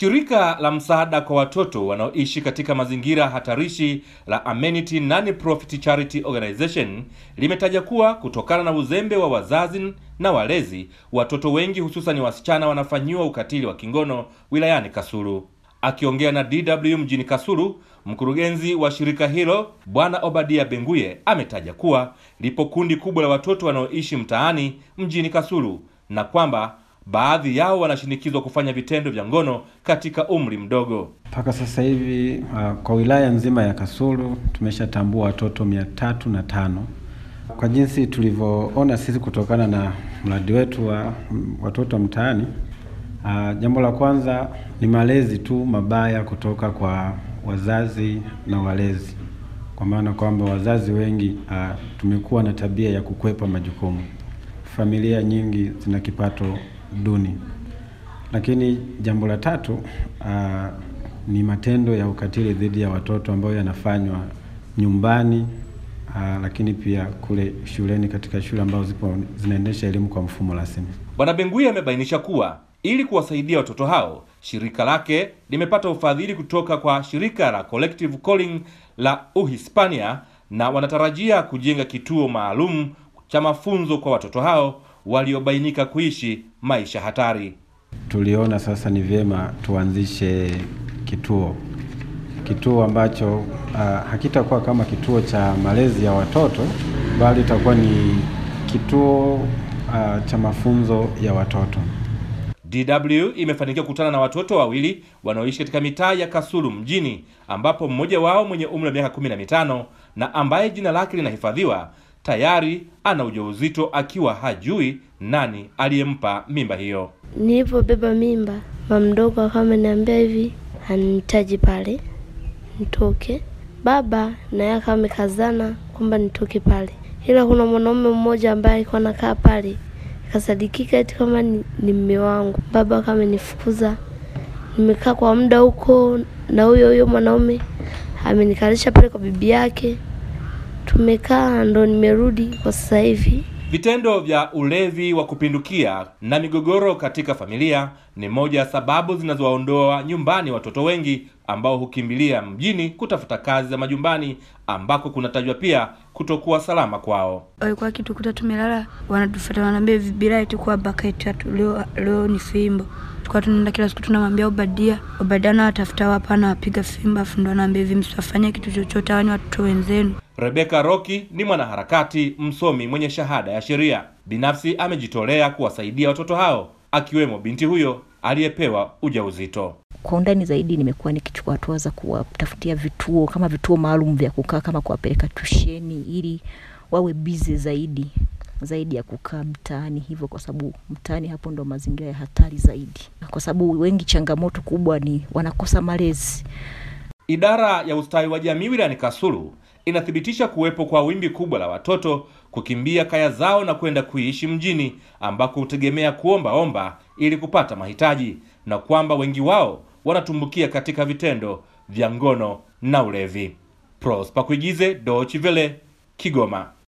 Shirika la msaada kwa watoto wanaoishi katika mazingira hatarishi la Amenity Non-Profit Charity Organization limetaja kuwa kutokana na uzembe wa wazazi na walezi, watoto wengi hususan wasichana wanafanyiwa ukatili wa kingono wilayani Kasulu. Akiongea na DW mjini Kasulu, mkurugenzi wa shirika hilo Bwana Obadia Benguye ametaja kuwa lipo kundi kubwa la watoto wanaoishi mtaani mjini Kasulu na kwamba baadhi yao wanashinikizwa kufanya vitendo vya ngono katika umri mdogo. Mpaka sasa hivi uh, kwa wilaya nzima ya Kasulu tumeshatambua watoto mia tatu na tano kwa jinsi tulivyoona sisi kutokana na mradi wetu wa watoto mtaani. Uh, jambo la kwanza ni malezi tu mabaya kutoka kwa wazazi na walezi, kwa maana kwamba wazazi wengi uh, tumekuwa na tabia ya kukwepa majukumu. Familia nyingi zina kipato duni. Lakini jambo la tatu uh, ni matendo ya ukatili dhidi ya watoto ambayo yanafanywa nyumbani uh, lakini pia kule shuleni katika shule ambazo zipo zinaendesha elimu kwa mfumo rasmi. Bwana bengui amebainisha kuwa ili kuwasaidia watoto hao, shirika lake limepata ufadhili kutoka kwa shirika la Collective Calling la Uhispania na wanatarajia kujenga kituo maalum cha mafunzo kwa watoto hao waliobainika kuishi maisha hatari. Tuliona sasa ni vyema tuanzishe kituo kituo ambacho uh, hakitakuwa kama kituo cha malezi ya watoto bali itakuwa ni kituo uh, cha mafunzo ya watoto. DW imefanikiwa kukutana na watoto wawili wanaoishi katika mitaa ya Kasulu mjini ambapo mmoja wao mwenye umri wa miaka kumi na mitano na ambaye jina lake linahifadhiwa tayari ana ujauzito akiwa hajui nani aliyempa mimba hiyo. Nilipobeba mimba, mama mdogo akawa ameniambia hivi anihitaji pale nitoke, baba naye akawa amekazana kwamba nitoke pale, ila kuna mwanaume mmoja ambaye alikuwa anakaa pale kasadikika eti kama ni, ni mme wangu. Baba akawa amenifukuza, nimekaa kwa muda huko na huyo huyo mwanaume amenikalisha pale kwa bibi yake tumekaa ndo nimerudi kwa sasa hivi. Vitendo vya ulevi wa kupindukia na migogoro katika familia ni moja ya sababu zinazowaondoa nyumbani watoto wengi ambao hukimbilia mjini kutafuta kazi za majumbani ambako kunatajwa pia kutokuwa salama kwao. Walikuwa kitukuta tumelala, wanatufuata wanaambia, vibiraiti kwa baketi leo, leo ni fimbo tukawa tunaenda kila siku tunamwambia Obadia, Obadia na watafuta wapa na wapiga fimbo, afu ndo anaambia hivi, msifanye kitu chochote, ni watoto wenzenu. Rebeka Roki ni mwanaharakati msomi mwenye shahada ya sheria. Binafsi amejitolea kuwasaidia watoto hao akiwemo binti huyo aliyepewa ujauzito. Kwa undani zaidi, nimekuwa nikichukua hatua za kuwatafutia vituo kama vituo maalum vya kukaa, kama kuwapeleka tusheni ili wawe bizi zaidi zaidi ya kukaa mtaani hivyo, kwa sababu mtaani hapo ndo mazingira ya hatari zaidi, kwa sababu wengi changamoto kubwa ni wanakosa malezi. Idara ya ustawi wa jamii wilayani Kasulu inathibitisha kuwepo kwa wimbi kubwa la watoto kukimbia kaya zao na kwenda kuishi mjini ambako hutegemea kuomba omba ili kupata mahitaji na kwamba wengi wao wanatumbukia katika vitendo vya ngono na ulevi. Prosper Kuigize, Dochi Vele, Kigoma.